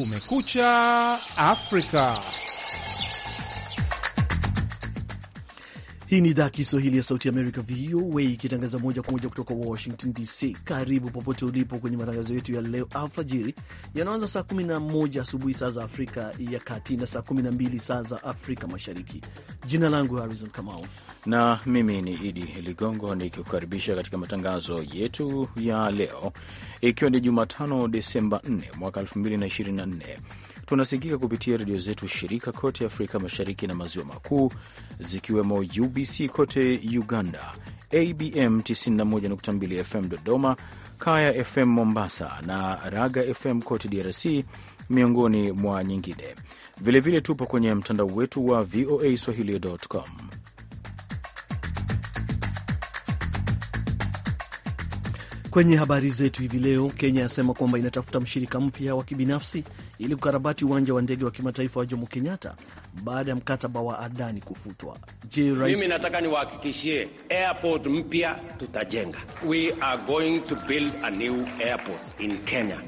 Kumekucha Afrika. Hii ni idhaa ya Kiswahili ya Sauti Amerika, VOA, ikitangaza moja kwa moja kutoka Washington DC. Karibu popote ulipo kwenye matangazo yetu ya leo alfajiri, yanaanza saa 11 asubuhi saa za Afrika ya Kati na saa 12 saa za Afrika Mashariki. Jina langu Harrison Kamau na mimi ni Idi Ligongo nikikukaribisha katika matangazo yetu ya leo, ikiwa ni Jumatano Desemba 4 mwaka 2024. Tunasikika kupitia redio zetu shirika kote Afrika Mashariki na Maziwa Makuu, zikiwemo UBC kote Uganda, ABM 91.2 FM Dodoma, Kaya FM Mombasa na Raga FM kote DRC, miongoni mwa nyingine. Vilevile vile tupo kwenye mtandao wetu wa VOA swahili.com. Kwenye habari zetu hivi leo, Kenya yasema kwamba inatafuta mshirika mpya wa kibinafsi ili kukarabati uwanja wa ndege wa kimataifa wa Jomo Kenyatta baada ya mkataba wa Adani kufutwa. Je, rais... mimi nataka niwahakikishie airport mpya tutajenga. We are going to build a new airport in Kenya.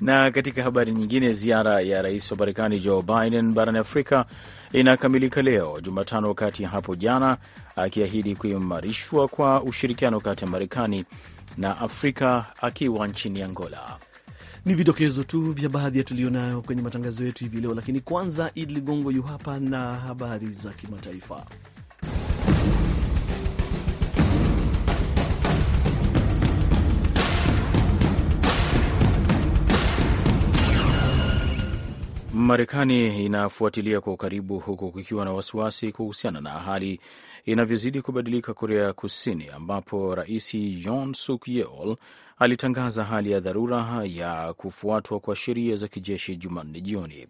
Na katika habari nyingine, ziara ya rais wa Marekani Joe Biden barani Afrika inakamilika leo Jumatano, wakati hapo jana akiahidi kuimarishwa kwa ushirikiano kati ya Marekani na Afrika akiwa nchini Angola. Ni vidokezo tu vya baadhi ya tulionayo kwenye matangazo yetu hivi leo, lakini kwanza, Idi Ligongo yu hapa na habari za kimataifa. Marekani inafuatilia kwa ukaribu huku kukiwa na wasiwasi kuhusiana na hali inavyozidi kubadilika Korea Kusini, ambapo Rais Yoon Suk Yeol alitangaza hali ya dharura ya kufuatwa kwa sheria za kijeshi Jumanne jioni.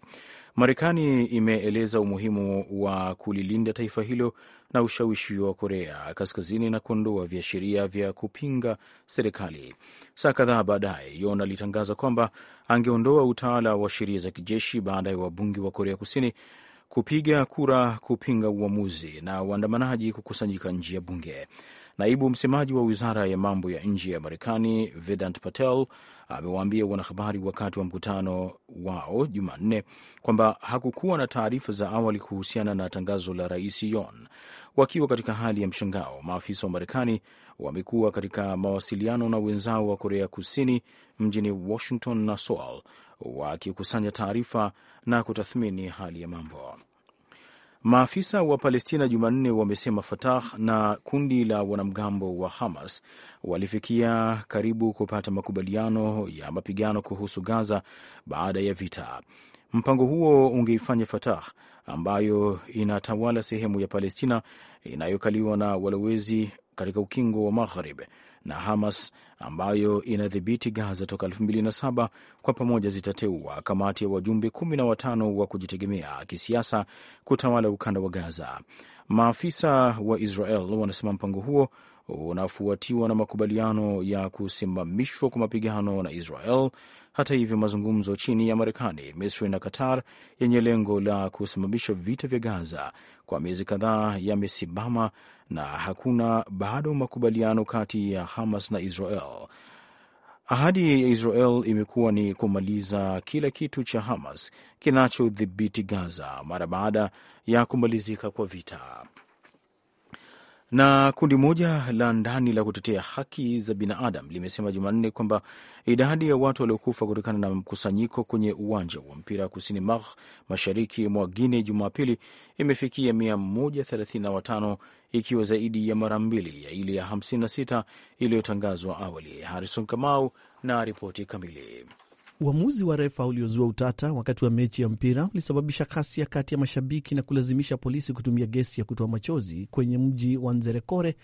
Marekani imeeleza umuhimu wa kulilinda taifa hilo na ushawishi wa Korea Kaskazini na kuondoa viashiria vya kupinga serikali. Saa kadhaa baadaye, Yon alitangaza kwamba angeondoa utawala wa sheria za kijeshi baada ya wabunge wa Korea Kusini kupiga kura kupinga uamuzi na waandamanaji kukusanyika nje ya bunge. Naibu msemaji wa wizara ya mambo ya nje ya Marekani Vedant Patel amewaambia wanahabari wakati wa mkutano wao Jumanne kwamba hakukuwa na taarifa za awali kuhusiana na tangazo la rais Yon. Wakiwa katika hali ya mshangao, maafisa wa Marekani wamekuwa katika mawasiliano na wenzao wa Korea Kusini mjini Washington na Seoul, wakikusanya taarifa na kutathmini hali ya mambo. Maafisa wa Palestina Jumanne wamesema Fatah na kundi la wanamgambo wa Hamas walifikia karibu kupata makubaliano ya mapigano kuhusu Gaza baada ya vita. Mpango huo ungeifanya Fatah ambayo inatawala sehemu ya Palestina inayokaliwa na walowezi katika ukingo wa Maghrib na Hamas ambayo inadhibiti Gaza toka 2007 kwa pamoja zitateua kamati ya wajumbe 15 wa kujitegemea kisiasa kutawala ukanda wa Gaza. Maafisa wa Israel wanasema mpango huo unafuatiwa na makubaliano ya kusimamishwa kwa mapigano na Israel. Hata hivyo, mazungumzo chini ya Marekani, Misri na Qatar yenye lengo la kusimamisha vita vya Gaza kwa miezi kadhaa yamesimama na hakuna bado makubaliano kati ya Hamas na Israel. Ahadi ya Israel imekuwa ni kumaliza kila kitu cha Hamas kinachodhibiti Gaza mara baada ya kumalizika kwa vita. Na kundi moja la ndani la kutetea haki za binadamu limesema Jumanne kwamba idadi ya watu waliokufa kutokana na mkusanyiko kwenye uwanja wa mpira kusini Magh, mashariki mwa Guine Jumapili imefikia 135 ikiwa zaidi ya mara mbili ya ile ya 56 iliyotangazwa awali. Harrison Kamau na ripoti kamili. Uamuzi wa refa uliozua utata wakati wa mechi ya mpira ulisababisha kasi ya kati ya mashabiki na kulazimisha polisi kutumia gesi ya kutoa machozi kwenye mji wa Nzerekore,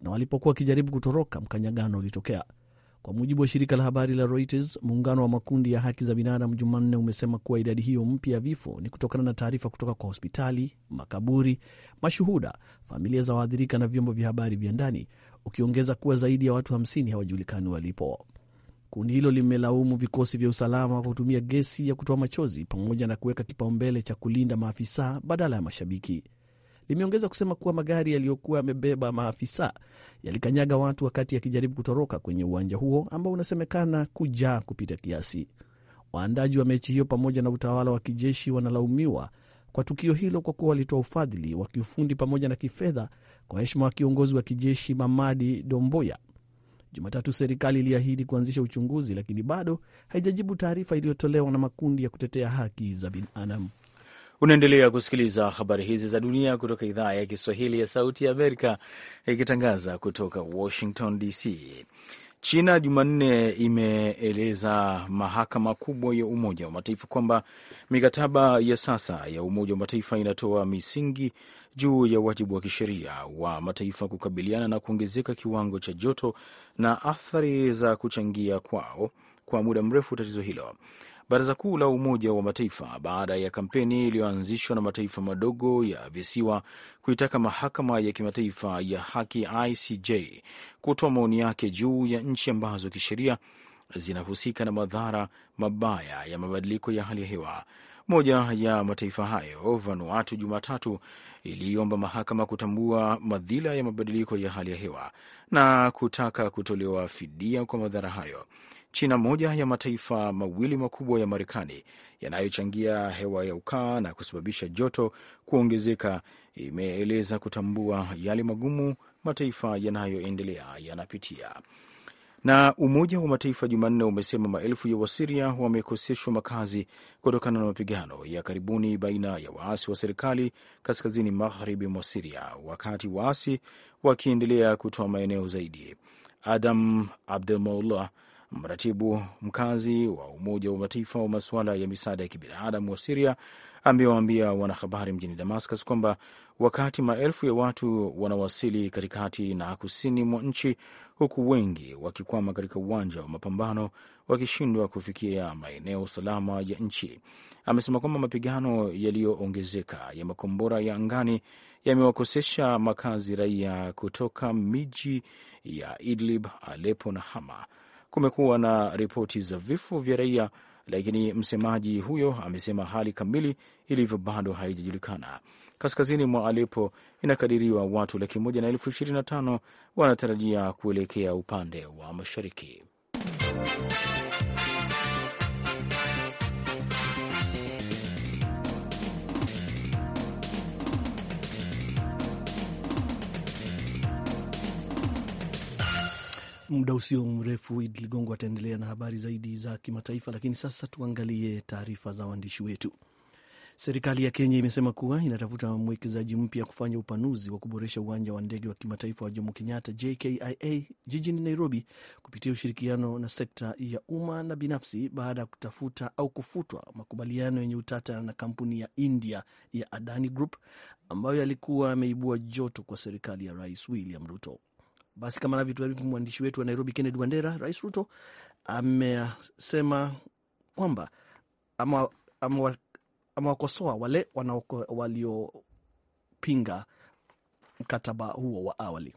na walipokuwa wakijaribu kutoroka, mkanyagano ulitokea. Kwa mujibu wa shirika la habari la Reuters, muungano wa makundi ya haki za binadamu Jumanne umesema kuwa idadi hiyo mpya ya vifo ni kutokana na taarifa kutoka kwa hospitali, makaburi, mashuhuda, familia za waathirika na vyombo vya habari vya ndani, ukiongeza kuwa zaidi ya watu 50 hawajulikani walipo. Kundi hilo limelaumu vikosi vya usalama kwa kutumia gesi ya kutoa machozi pamoja na kuweka kipaumbele cha kulinda maafisa badala ya mashabiki. Limeongeza kusema kuwa magari yaliyokuwa yamebeba maafisa yalikanyaga watu wakati yakijaribu kutoroka kwenye uwanja huo ambao unasemekana kujaa kupita kiasi. Waandaji wa mechi hiyo pamoja na utawala wa kijeshi wanalaumiwa kwa tukio hilo kwa kuwa walitoa ufadhili wa kiufundi pamoja na kifedha kwa heshima wa kiongozi wa kijeshi Mamadi Domboya Jumatatu serikali iliahidi kuanzisha uchunguzi, lakini bado haijajibu taarifa iliyotolewa na makundi ya kutetea haki za binadamu. Unaendelea kusikiliza habari hizi za dunia kutoka idhaa ya Kiswahili ya Sauti ya Amerika, ikitangaza kutoka Washington DC. China Jumanne imeeleza mahakama kubwa ya Umoja wa Mataifa kwamba mikataba ya sasa ya Umoja wa Mataifa inatoa misingi juu ya wajibu wa kisheria wa mataifa kukabiliana na kuongezeka kiwango cha joto na athari za kuchangia kwao kwa muda mrefu tatizo hilo. Baraza Kuu la Umoja wa Mataifa baada ya kampeni iliyoanzishwa na mataifa madogo ya visiwa kuitaka Mahakama ya Kimataifa ya Haki ICJ kutoa maoni yake juu ya nchi ambazo kisheria zinahusika na madhara mabaya ya mabadiliko ya hali ya hewa. Moja ya mataifa hayo Vanuatu Jumatatu iliomba mahakama kutambua madhila ya mabadiliko ya hali ya hewa na kutaka kutolewa fidia kwa madhara hayo. China, moja ya mataifa mawili makubwa ya Marekani yanayochangia hewa ya ukaa na kusababisha joto kuongezeka, imeeleza kutambua yale magumu mataifa yanayoendelea yanapitia. Na Umoja wa Mataifa Jumanne umesema maelfu ya Wasiria wamekoseshwa makazi kutokana na mapigano ya karibuni baina ya waasi wa serikali kaskazini magharibi mwa Siria, wakati waasi wakiendelea kutoa maeneo zaidi. Adam Abdelmoula Mratibu mkazi wa Umoja wa Mataifa wa masuala ya misaada ya kibinadamu wa Siria amewaambia wanahabari mjini Damascus kwamba wakati maelfu ya watu wanawasili katikati na kusini mwa nchi, huku wengi wakikwama katika uwanja wa mapambano wakishindwa kufikia maeneo salama ya nchi, amesema kwamba mapigano yaliyoongezeka ya makombora ya angani yamewakosesha makazi raia kutoka miji ya Idlib, Alepo na Hama kumekuwa na ripoti za vifo vya raia, lakini msemaji huyo amesema hali kamili ilivyo bado haijajulikana. Kaskazini mwa Alepo inakadiriwa watu laki moja na elfu ishirini na tano wanatarajia kuelekea upande wa mashariki. Muda usio mrefu Idi Ligongo ataendelea na habari zaidi za kimataifa, lakini sasa tuangalie taarifa za waandishi wetu. Serikali ya Kenya imesema kuwa inatafuta mwekezaji mpya kufanya upanuzi wa kuboresha uwanja wa ndege wa kimataifa wa Jomo Kenyatta JKIA jijini Nairobi kupitia ushirikiano na sekta ya umma na binafsi baada ya kutafuta au kufutwa makubaliano yenye utata na kampuni ya India ya Adani Group ambayo yalikuwa yameibua joto kwa serikali ya Rais William Ruto. Basi kama anavyotuarifu mwandishi wetu wa Nairobi, Kennedy Wandera, Rais Ruto amesema kwamba ama, ama, amewakosoa wale waliopinga mkataba huo wa awali.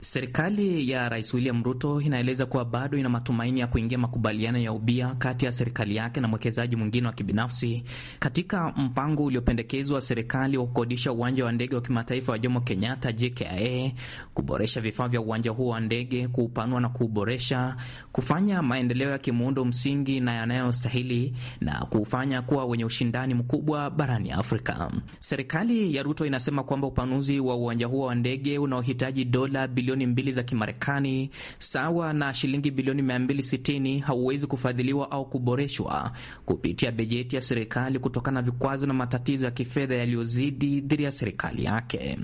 Serikali ya Rais William Ruto inaeleza kuwa bado ina matumaini ya kuingia makubaliano ya ubia kati ya serikali yake na mwekezaji mwingine wa kibinafsi katika mpango uliopendekezwa serikali wa kukodisha uwanja wa ndege wa kimataifa wa Jomo Kenyatta jka kuboresha vifaa vya uwanja huo wa ndege, kuupanua na kuuboresha, kufanya maendeleo ya kimuundo msingi na yanayostahili, na kuufanya kuwa wenye ushindani mkubwa barani Afrika. Serikali ya Ruto inasema kwamba upanuzi wa uwanja huo wa ndege unaohitaji dola bilioni mbili za Kimarekani sawa na shilingi bilioni 260 hauwezi kufadhiliwa au kuboreshwa kupitia bajeti ya serikali kutokana na vikwazo na matatizo ya kifedha yaliyozidi dhidi ya serikali yake.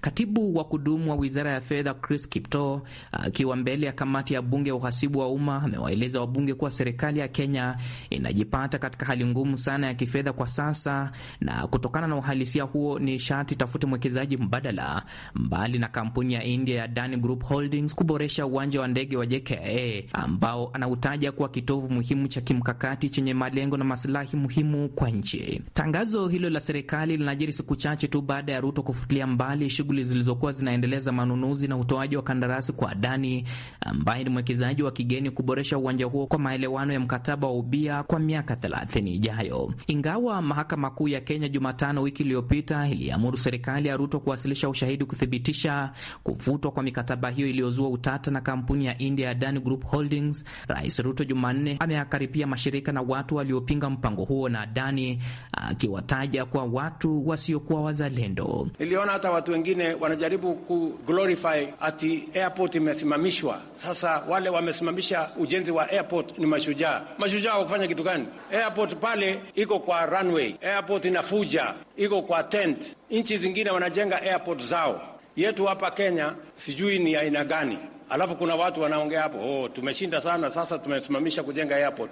Katibu wa kudumu wa wizara ya fedha Chris Kipto akiwa mbele ya kamati ya bunge ya uhasibu wa umma amewaeleza wabunge kuwa serikali ya Kenya inajipata katika hali ngumu sana ya kifedha kwa sasa, na kutokana na uhalisia huo ni sharti tafute mwekezaji mbadala mbali na kampuni ya India ya Diani Group Holdings kuboresha uwanja wa ndege wa JKA ambao anautaja kuwa kitovu muhimu cha kimkakati chenye malengo na masilahi muhimu kwa nchi. Tangazo hilo la serikali linajiri siku chache tu baada ya Ruto kufutilia mbali shughuli zilizokuwa zinaendeleza manunuzi na utoaji wa kandarasi kwa Adani ambaye ni mwekezaji wa kigeni kuboresha uwanja huo kwa maelewano ya mkataba wa ubia kwa miaka 30 ijayo. Ingawa mahakama kuu ya Kenya Jumatano wiki iliyopita iliamuru serikali ya Ruto kuwasilisha ushahidi kuthibitisha kufutwa kwa mikataba hiyo iliyozua utata na kampuni ya India ya Adani Group Holdings, Rais Ruto Jumanne ameakaripia mashirika na watu waliopinga mpango huo na Adani, akiwataja kwa watu wasiokuwa wazalendo. Niliona hata watu wengine wanajaribu ku glorify ati airport imesimamishwa. Sasa wale wamesimamisha ujenzi wa airport ni mashujaa. Mashujaa wakufanya kitu gani? Airport pale iko kwa runway, airport inafuja, iko kwa tent. Nchi zingine wanajenga airport zao yetu hapa Kenya sijui ni aina gani. Alafu kuna watu wanaongea hapo, oh, tumeshinda sana sasa, tumesimamisha kujenga airport.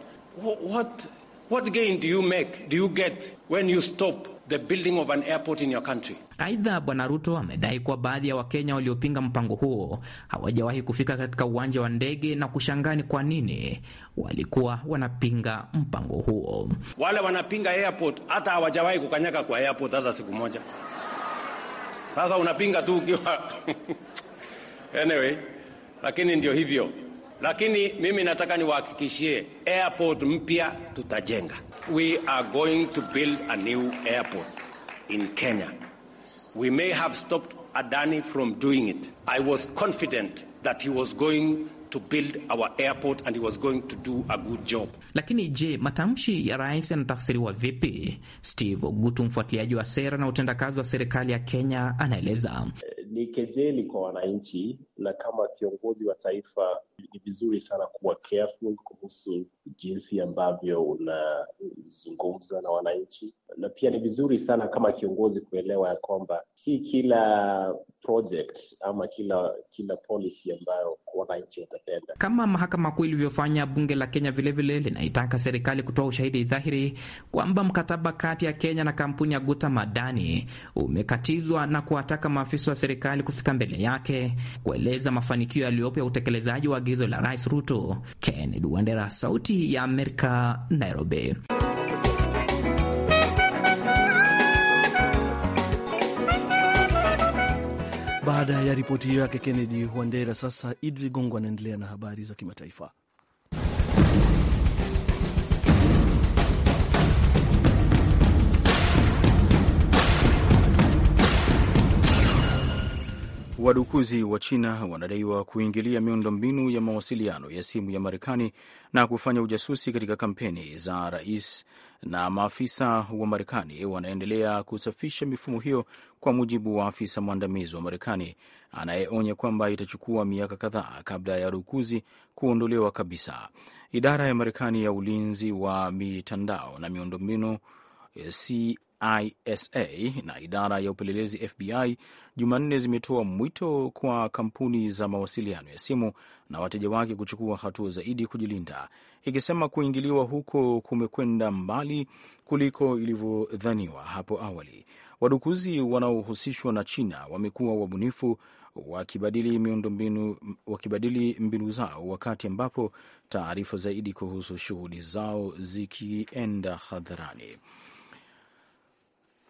What, what gain do you make, do you get when you stop the building of an airport in your country? Aidha, Bwana Ruto amedai kuwa baadhi ya Wakenya waliopinga mpango huo hawajawahi kufika katika uwanja wa ndege na kushangaa ni kwa nini walikuwa wanapinga mpango huo. Wale wanapinga airport hata hawajawahi kukanyaga kwa airport hata siku moja. Sasa unapinga tu ukiwa anyway, lakini ndio hivyo. Lakini mimi nataka niwahakikishie, airport mpya tutajenga. We are going to build a new airport in Kenya. We may have stopped Adani from doing it. I was confident that he was going to build our airport and he was going to do a good job. Lakini je, matamshi ya rais yanatafsiriwa vipi? Steve Ogutu, mfuatiliaji wa sera na utendakazi wa serikali ya Kenya, anaeleza. Eh, ni kejeli kwa wananchi na kama kiongozi wa taifa ni vizuri sana kuwa careful kuhusu jinsi ambavyo unazungumza na wananchi, na pia ni vizuri sana kama kiongozi kuelewa ya kwamba si kila project ama kila kila policy ambayo wananchi watapenda, kama mahakama kuu ilivyofanya. Bunge la Kenya vilevile linaitaka serikali kutoa ushahidi dhahiri kwamba mkataba kati ya Kenya na kampuni ya Guta Madani umekatizwa na kuwataka maafisa wa serikali kufika mbele yake kueleza mafanikio yaliyopo ya utekelezaji wa agizo la Rais Ruto. Kennedy Wandera, Sauti ya Amerika, Nairobi. Baada ya ripoti hiyo yake Kennedy Wandera, sasa Idri Gongo anaendelea na habari za kimataifa. Wadukuzi wa China wanadaiwa kuingilia miundombinu ya mawasiliano ya simu ya Marekani na kufanya ujasusi katika kampeni za rais, na maafisa wa Marekani wanaendelea kusafisha mifumo hiyo, kwa mujibu wa afisa mwandamizi wa Marekani anayeonya kwamba itachukua miaka kadhaa kabla ya dukuzi kuondolewa kabisa. Idara ya Marekani ya ulinzi wa mitandao na miundombinu eh, ISA na idara ya upelelezi FBI Jumanne zimetoa mwito kwa kampuni za mawasiliano ya simu na wateja wake kuchukua hatua zaidi kujilinda, ikisema kuingiliwa huko kumekwenda mbali kuliko ilivyodhaniwa hapo awali. Wadukuzi wanaohusishwa na China wamekuwa wabunifu wakibadili miundombinu, wakibadili mbinu zao, wakati ambapo taarifa zaidi kuhusu shughuli zao zikienda hadharani.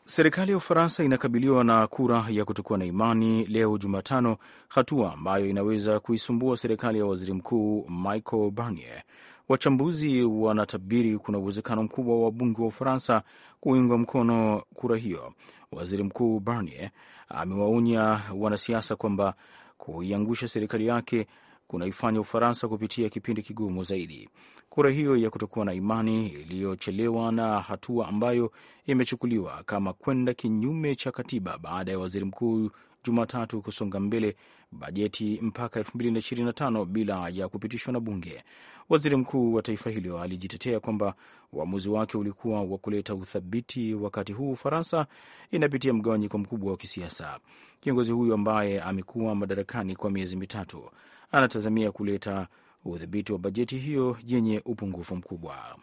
Serikali ya Ufaransa inakabiliwa na kura ya kutokuwa na imani leo Jumatano, hatua ambayo inaweza kuisumbua serikali ya waziri mkuu Michael Barnier. Wachambuzi wanatabiri kuna uwezekano mkubwa wa wabunge wa Ufaransa kuunga mkono kura hiyo. Waziri Mkuu Barnier amewaonya wanasiasa kwamba kuiangusha serikali yake kunaifanya Ufaransa kupitia kipindi kigumu zaidi. Kura hiyo ya kutokuwa na imani iliyochelewa na hatua ambayo imechukuliwa kama kwenda kinyume cha katiba baada ya waziri mkuu Jumatatu kusonga mbele bajeti mpaka 2025 bila ya kupitishwa na bunge. Waziri mkuu wa taifa hilo alijitetea kwamba uamuzi wake ulikuwa wa kuleta uthabiti, wakati huu Ufaransa inapitia mgawanyiko mkubwa wa kisiasa. Kiongozi huyo ambaye amekuwa madarakani kwa miezi mitatu anatazamia kuleta udhibiti wa bajeti hiyo yenye upungufu mkubwa.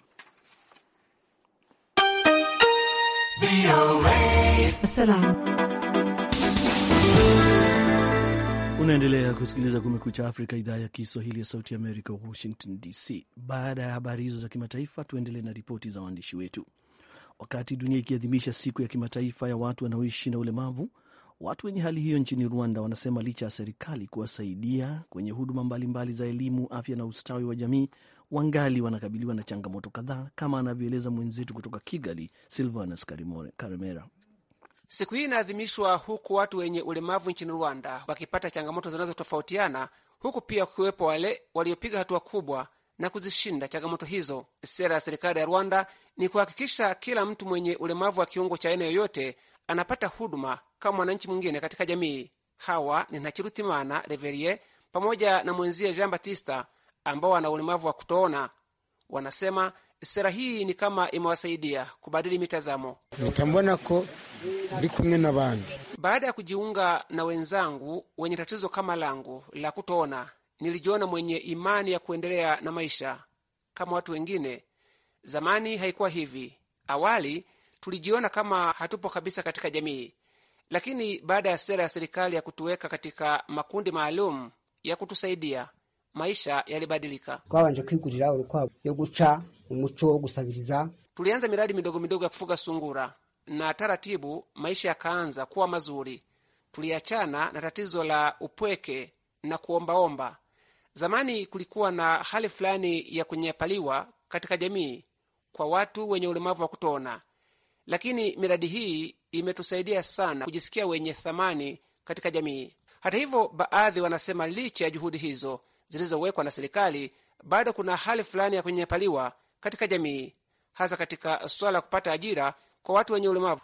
Unaendelea kusikiliza Kumekucha Afrika, idhaa ya Kiswahili ya Sauti Amerika, Washington DC. Baada ya habari hizo za kimataifa, tuendelee na ripoti za waandishi wetu. Wakati dunia ikiadhimisha siku ya kimataifa ya watu wanaoishi na ulemavu, Watu wenye hali hiyo nchini Rwanda wanasema licha ya serikali kuwasaidia kwenye huduma mbalimbali mbali za elimu, afya na ustawi wa jamii, wangali wanakabiliwa na changamoto kadhaa, kama anavyoeleza mwenzetu kutoka Kigali, Silvanus Karemera. Siku hii inaadhimishwa huku watu wenye ulemavu nchini Rwanda wakipata changamoto zinazotofautiana, huku pia kukiwepo wale waliopiga hatua kubwa na kuzishinda changamoto hizo. Sera ya serikali ya Rwanda ni kuhakikisha kila mtu mwenye ulemavu wa kiungo cha aina yoyote anapata huduma kama mwananchi mwingine katika jamii. Hawa ni Ntakirutimana Reverie pamoja na mwenzie Jean Batista ambao wana ulemavu wa kutoona. Wanasema sera hii ni kama imewasaidia kubadili mitazamo. nitambona ko ndi kumwe na bandi. Baada ya kujiunga na wenzangu wenye tatizo kama langu la kutoona, nilijiona mwenye imani ya kuendelea na maisha kama watu wengine. Zamani haikuwa hivi. Awali tulijiona kama hatupo kabisa katika jamii, lakini baada ya sera ya serikali ya kutuweka katika makundi maalum ya kutusaidia, maisha yalibadilika. Tulianza miradi midogo midogo ya kufuga sungura na taratibu maisha yakaanza kuwa mazuri. Tuliachana na tatizo la upweke na kuombaomba. Zamani kulikuwa na hali fulani ya kunyapaliwa katika jamii kwa watu wenye ulemavu wa kutoona, lakini miradi hii imetusaidia sana kujisikia wenye thamani katika jamii. Hata hivyo, baadhi wanasema licha ya juhudi hizo zilizowekwa na serikali, bado kuna hali fulani ya kunyanyapaliwa katika jamii, hasa katika swala la kupata ajira kwa watu wenye ulemavu.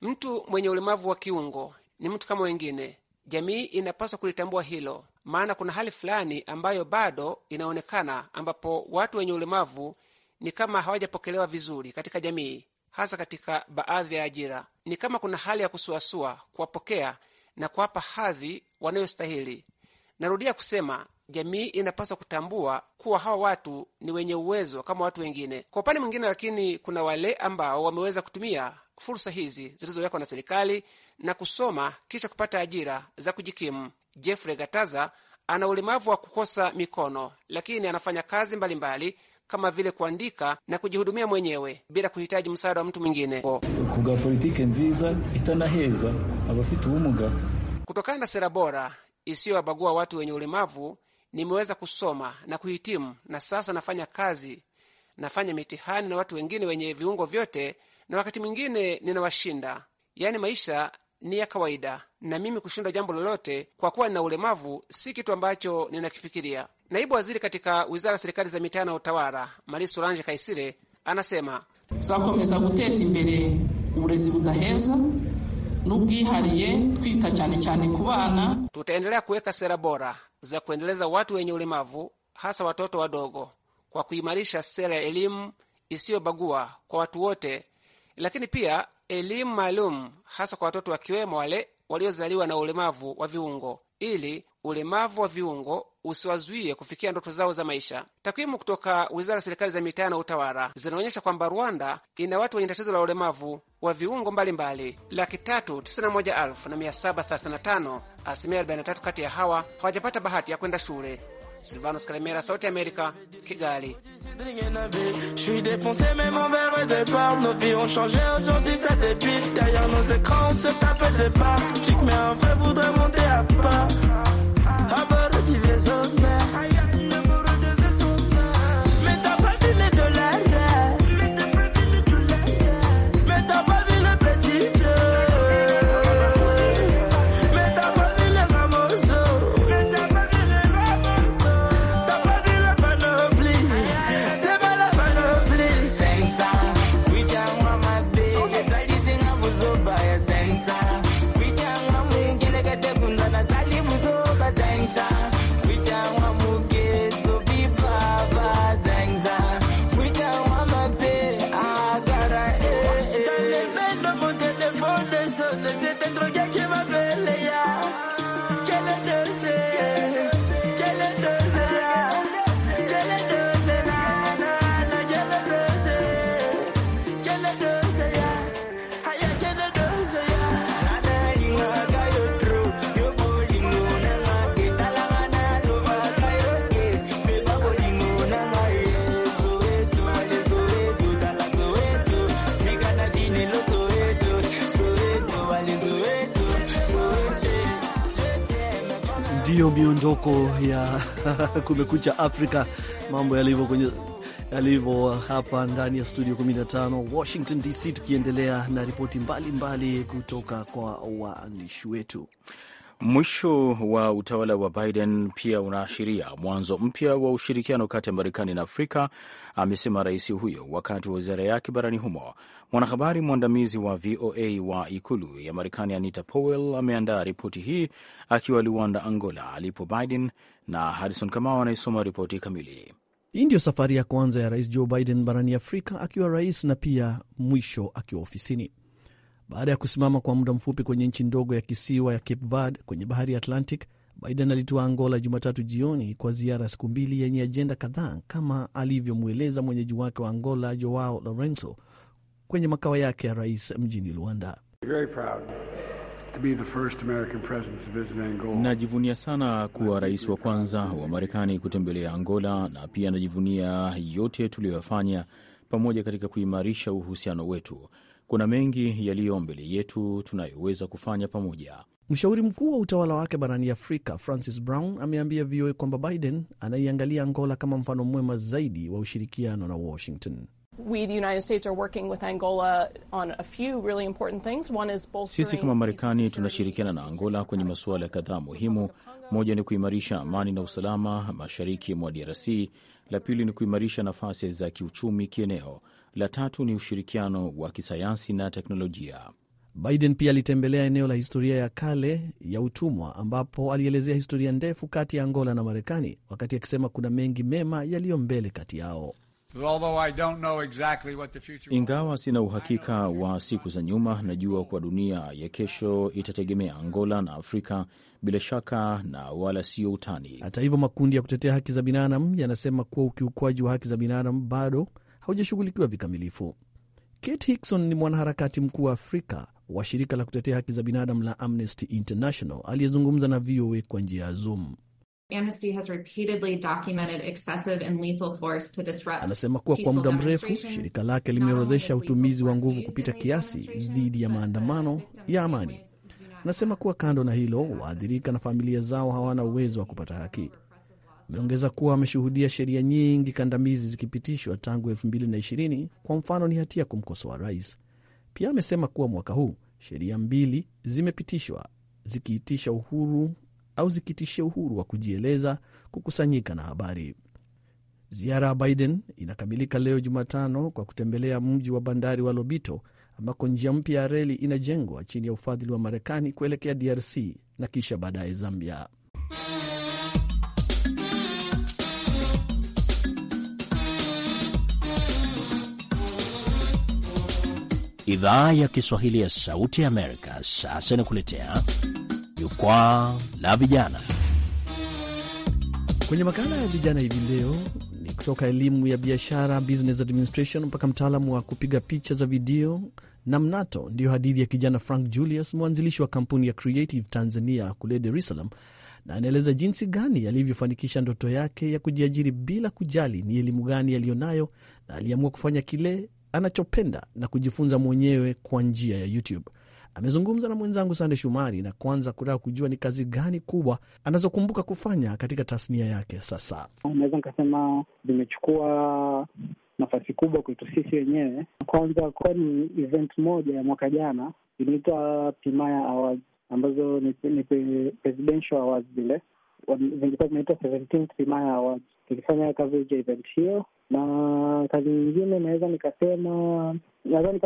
Mtu mwenye ulemavu wa kiungo ni mtu kama wengine. Jamii inapaswa kulitambua hilo, maana kuna hali fulani ambayo bado inaonekana ambapo watu wenye ulemavu ni kama hawajapokelewa vizuri katika jamii, hasa katika baadhi ya ajira. Ni kama kuna hali ya kusuasua kuwapokea na kuwapa hadhi wanayostahili. Narudia kusema jamii inapaswa kutambua kuwa hawa watu ni wenye uwezo kama watu wengine. Kwa upande mwingine, lakini kuna wale ambao wameweza kutumia fursa hizi zilizowekwa na serikali na kusoma kisha kupata ajira za kujikimu. Jeffrey Gataza ana ulemavu wa kukosa mikono, lakini anafanya kazi mbalimbali mbali, kama vile kuandika na kujihudumia mwenyewe bila kuhitaji msaada wa mtu mwingine. Kutokana na sera bora isiyowabagua watu wenye ulemavu, nimeweza kusoma na kuhitimu, na sasa nafanya kazi, nafanya mitihani na watu wengine wenye viungo vyote, na wakati mwingine ninawashinda. Yaani maisha ni ya kawaida, na mimi kushinda jambo lolote kwa kuwa nina ulemavu si kitu ambacho ninakifikiria. Naibu waziri katika wizara ya serikali za mitaa na utawala, Mari Solange Kaisire, anasema tuzakomeza guteza imbere uburezi budaheza n'ubwihariye twita cyane cyane ku bana. Tutaendelea kuweka sera bora za kuendeleza watu wenye ulemavu, hasa watoto wadogo, kwa kuimarisha sera ya elimu isiyobagua kwa watu wote, lakini pia elimu maalum hasa kwa watoto wakiwemo wale waliozaliwa na ulemavu wa viungo ili ulemavu wa viungo usiwazuie kufikia ndoto zao za maisha. Takwimu kutoka wizara ya serikali za mitaa na utawala zinaonyesha kwamba Rwanda ina watu wenye tatizo la ulemavu wa viungo mbalimbali laki tatu tisini na moja elfu na mia saba thelathini na tano. Asilimia 43 kati ya hawa hawajapata bahati ya kwenda shule. Silvano Scaramera South America Kigali Je suis défoncé même mon verre de part nos vies ont changé aujourd'hui ça c'est puisaille nos écrans se tapaient pas chic mais on veut remonter à pas mais les hommes ndiyo miondoko ya Kumekucha Afrika, mambo yalivyo kwenye yalivyo hapa ndani ya studio 15 Washington DC, tukiendelea na ripoti mbalimbali kutoka kwa waandishi wetu. Mwisho wa utawala wa Biden pia unaashiria mwanzo mpya wa ushirikiano kati ya Marekani na Afrika, amesema rais huyo wakati wa ziara yake barani humo. Mwanahabari mwandamizi wa VOA wa ikulu ya Marekani Anita Powell ameandaa ripoti hii akiwa Luanda, Angola alipo Biden, na Harrison Kamau anaisoma ripoti kamili. Hii ndiyo safari ya kwanza ya rais Joe Biden barani Afrika akiwa rais na pia mwisho akiwa ofisini. Baada ya kusimama kwa muda mfupi kwenye nchi ndogo ya kisiwa ya Cape Verde kwenye bahari ya Atlantic, Biden alitua Angola Jumatatu jioni kwa ziara ya siku mbili yenye ajenda kadhaa, kama alivyomweleza mwenyeji wake wa Angola Joao Lorenzo kwenye makao yake ya rais mjini Luanda. Najivunia sana kuwa rais wa kwanza wa Marekani kutembelea Angola, na pia najivunia yote tuliyoyafanya pamoja katika kuimarisha uhusiano wetu. Kuna mengi yaliyo mbele yetu tunayoweza kufanya pamoja. Mshauri mkuu wa utawala wake barani Afrika Francis Brown ameambia VOA kwamba Biden anaiangalia Angola kama mfano mwema zaidi wa ushirikiano na Washington. Sisi kama Marekani tunashirikiana na Angola kwenye masuala kadhaa muhimu. Moja ni kuimarisha amani na usalama mashariki mwa DRC. La pili ni kuimarisha nafasi za kiuchumi kieneo la tatu ni ushirikiano wa kisayansi na teknolojia. Biden pia alitembelea eneo la historia ya kale ya utumwa ambapo alielezea historia ndefu kati ya Angola na Marekani, wakati akisema kuna mengi mema yaliyo mbele kati yao. Exactly future... ingawa sina uhakika wa siku za nyuma, najua kwa dunia ya kesho itategemea Angola na Afrika bila shaka, na wala sio utani. Hata hivyo, makundi ya kutetea haki za binadamu yanasema kuwa ukiukwaji wa haki za binadamu bado haujashughulikiwa vikamilifu. Kate Hikson ni mwanaharakati mkuu wa Afrika wa shirika la kutetea haki za binadamu la Amnesty International aliyezungumza na VOA kwa njia ya Zoom. Anasema kuwa kwa muda mrefu shirika lake limeorodhesha utumizi wa nguvu kupita kiasi dhidi ya maandamano ya amani. Anasema kuwa kando na hilo, waathirika na familia zao hawana uwezo wa kupata haki. Ameongeza kuwa ameshuhudia sheria nyingi kandamizi zikipitishwa tangu 2020 kwa mfano, ni hatia kumkosoa rais. Pia amesema kuwa mwaka huu sheria mbili zimepitishwa zikiitisha uhuru au zikitishia uhuru wa kujieleza, kukusanyika na habari. Ziara ya Biden inakamilika leo Jumatano kwa kutembelea mji wa bandari wa Lobito ambako njia mpya ya reli inajengwa chini ya ufadhili wa Marekani kuelekea DRC na kisha baadaye Zambia. Idhaa ya Kiswahili ya Sauti ya Amerika sasa inakuletea jukwaa la vijana. Kwenye makala ya vijana hivi leo ni kutoka elimu ya biashara, business administration, mpaka mtaalamu wa kupiga picha za video na mnato, ndiyo hadithi ya kijana Frank Julius, mwanzilishi wa kampuni ya Creative Tanzania kule Dar es Salaam, na anaeleza jinsi gani alivyofanikisha ndoto yake ya kujiajiri bila kujali ni elimu gani aliyonayo na aliamua kufanya kile anachopenda na kujifunza mwenyewe kwa njia ya YouTube. Amezungumza na mwenzangu Sande Shumari na kwanza kutaka kujua ni kazi gani kubwa anazokumbuka kufanya katika tasnia yake. Sasa naweza nikasema zimechukua nafasi kubwa kwetu sisi wenyewe. Kwanza kuwa ni event moja ya mwaka jana inaitwa Timaya Awards ambazo ni, ni presidential awards zile zilikuwa zinaitwa 17th Timaya Awards. Tulifanya coverage ya event hiyo na kazi nyingine naweza nikasema nadhani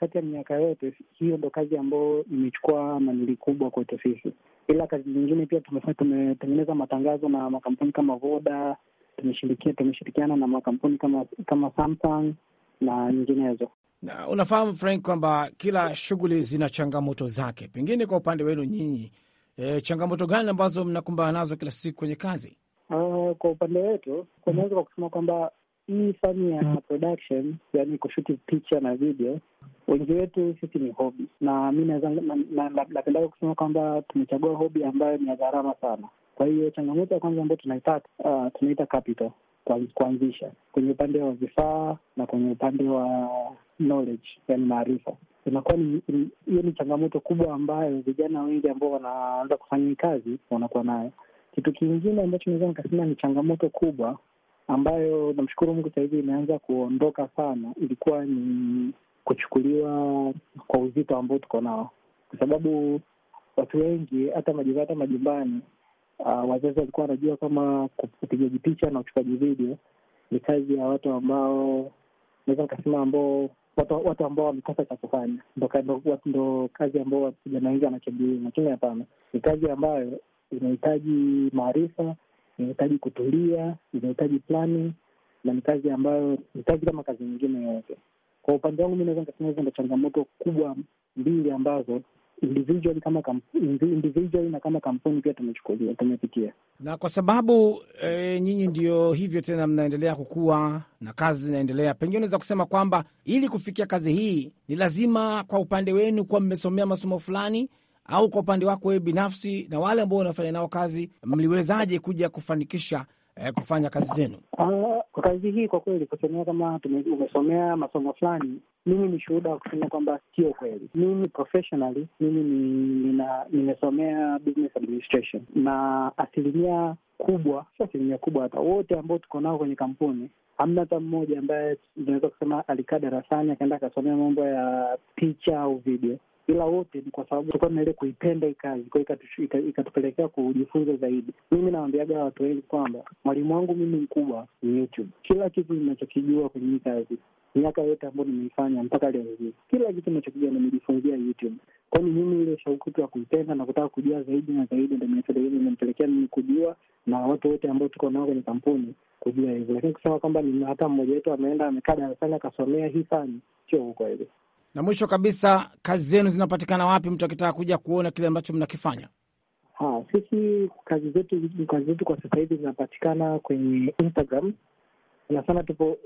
kati ya miaka yote hiyo ndo kazi ambayo imechukua manili kubwa kwetu sisi, ila kazi nyingine pia tumetengeneza matangazo na makampuni kama Voda, tumeshirikiana na makampuni kama kama Samsung na nyinginezo. Na unafahamu Frank, kwamba kila shughuli zina changamoto zake. Pengine kwa upande wenu nyinyi, e, changamoto gani ambazo mnakumbana nazo kila siku kwenye kazi? Uh, kwa upande wetu kunaweza kwa kusema kwamba hii fani ya production, yani kushuti picha na video, wengi wetu sisi ni hobi, na mi napendaga kusema kwamba tumechagua hobi ambayo ni ya gharama sana. Kwa hiyo changamoto ya kwanza ambayo tunaipata uh, ah, tunaita capital kuanzisha kwenye upande wa vifaa na kwenye upande wa knowledge, yani maarifa inakuwa ni hiyo, ni changamoto kubwa ambayo vijana wengi ambao wanaanza kufanya kazi wanakuwa nayo. Kitu kingine ambacho naweza nikasema ni changamoto kubwa ambayo namshukuru Mungu sasa hivi imeanza kuondoka sana, ilikuwa ni kuchukuliwa kwa uzito ambao tuko nao, kwa sababu watu wengi hata majumbani, hata majumbani uh, wazazi walikuwa wanajua kama upigaji picha na uchukaji video ni kazi ya watu ambao naweza nikasema ambao watu, watu ambao wamekosa cha kufanya, ndo kazi ambao vijana wengi wanakimbilia, lakini hapana, ni kazi ambayo inahitaji maarifa, inahitaji kutulia, inahitaji planning, na ni kazi ambayo ni kazi kama kazi nyingine yoyote. Kwa upande wangu, mi naweza nikasema hizo ndo changamoto kubwa mbili ambazo individually kama individually na kama kampuni pia tumechukulia tumepitia. Na kwa sababu e, nyinyi ndio hivyo tena, mnaendelea kukua na kazi zinaendelea, pengine unaweza kusema kwamba ili kufikia kazi hii ni lazima kwa upande wenu kuwa mmesomea masomo fulani au kwa upande wako wewe binafsi na wale ambao unafanya nao kazi, mliwezaje kuja kufanikisha eh, kufanya kazi zenu? Ah, kwa kazi hii kwa kweli, kusomea kama umesomea masomo fulani, mimi ni shuhuda wa kusema kwamba sio kweli. Mimi professionally mimi nimesomea business administration na asilimia kubwa, sio asilimia kubwa, hata wote ambao tuko nao kwenye kampuni hamna hata mmoja ambaye tunaweza kusema alikaa darasani akaenda akasomea mambo ya picha au video ila wote ni kwa sababu tokana na kuipenda hii kazi kwao ikatupelekea kujifunza zaidi. Mimi nawambiaga watu wengi kwamba mwalimu wangu mimi mkubwa ni YouTube. Kila kitu ninachokijua kwenye hii kazi miaka yote ambayo nimeifanya mpaka leo hii, kila kitu nachokijua nimejifungia YouTube. Kwani mimi ile shauku ya kuipenda na kutaka kujua zaidi na zaidi ndio imempelekea mimi kujua na watu wote ambao tuko nao kwenye kampuni kujua hivyo, lakini kusema kwamba hata mmoja wetu ameenda amekaa darasani akasomea hii fani, sio huko na mwisho kabisa, kazi zenu zinapatikana wapi, mtu akitaka kuja kuona kile ambacho mnakifanya? Ha, sisi kazi zetu kazi zetu kwa sasa hivi zinapatikana kwenye Instagram na sana, tupo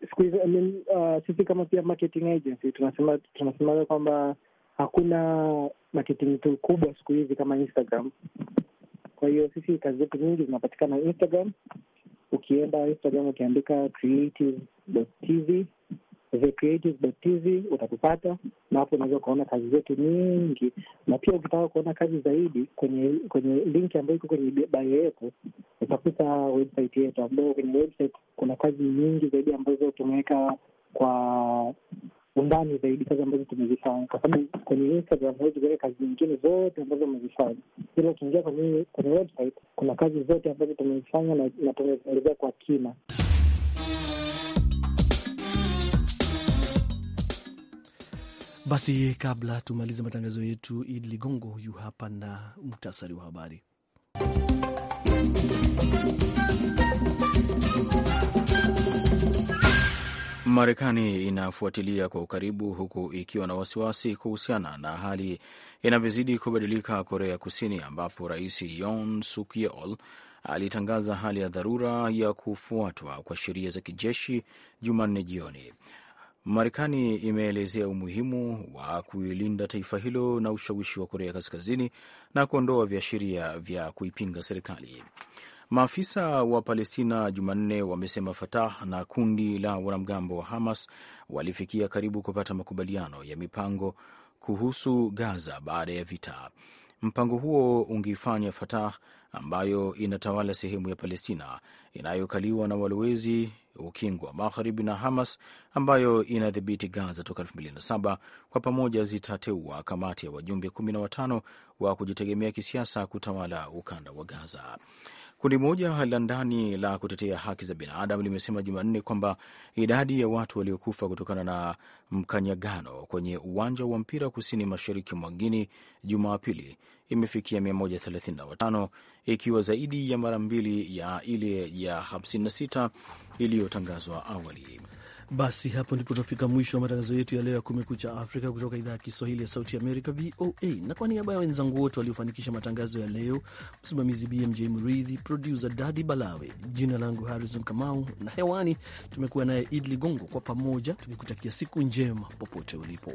siku hizi I mean, uh, sisi kama pia marketing agency tunasema tunasemaga kwamba hakuna marketing tool kubwa siku hizi kama Instagram. Kwa hiyo sisi kazi zetu nyingi zinapatikana Instagram. Ukienda Instagram ukiandika creative.tv The Creatives TV utatupata, na hapo unaweza ukaona kazi zetu nyingi, na pia ukitaka kuona kazi zaidi kwenye kwenye linki ambayo iko kwenye bio yetu utakuta website yetu, ambayo kwenye website kuna kazi nyingi zaidi ambazo tumeweka kwa undani zaidi, kazi ambazo tumezifanya, kwa sababu kwenye Instagram huwezi kuweka kazi nyingine zote ambazo umezifanya, ila ukiingia kwenye kwenye website kuna kazi zote ambazo tumezifanya na tumezielezea kwa kina. Basi kabla tumalize matangazo yetu, id Ligongo huyu hapa na muktasari wa habari. Marekani inafuatilia kwa ukaribu huku ikiwa na wasiwasi kuhusiana na hali inavyozidi kubadilika Korea Kusini, ambapo Rais Yoon Suk Yeol alitangaza hali ya dharura ya kufuatwa kwa sheria za kijeshi Jumanne jioni. Marekani imeelezea umuhimu wa kuilinda taifa hilo na ushawishi wa Korea Kaskazini na kuondoa viashiria vya kuipinga serikali. Maafisa wa Palestina Jumanne wamesema Fatah na kundi la wanamgambo wa Hamas walifikia karibu kupata makubaliano ya mipango kuhusu Gaza baada ya vita. Mpango huo ungeifanya Fatah ambayo inatawala sehemu ya Palestina inayokaliwa na walowezi ukingo wa magharibi na Hamas ambayo inadhibiti Gaza toka 2007 kwa pamoja zitateua kamati ya wajumbe 15 wa kujitegemea kisiasa kutawala ukanda wa Gaza. Kundi moja la ndani la kutetea haki za binadamu limesema Jumanne kwamba idadi ya watu waliokufa kutokana na mkanyagano kwenye uwanja wa mpira kusini mashariki mwa Guini Jumapili imefikia 135 ikiwa zaidi ya mara mbili ya ile ya 56 iliyotangazwa awali. Basi hapo ndipo tunafika mwisho wa matangazo yetu ya leo ya Kumekucha Afrika kutoka idhaa ya Kiswahili ya Sauti Amerika, VOA. Na kwa niaba ya wenzangu wote waliofanikisha matangazo ya leo, msimamizi BMJ Mridhi, produsa Dadi Balawe, jina langu Harrison Kamau na hewani tumekuwa naye Idli Ligongo, kwa pamoja tukikutakia siku njema popote ulipo.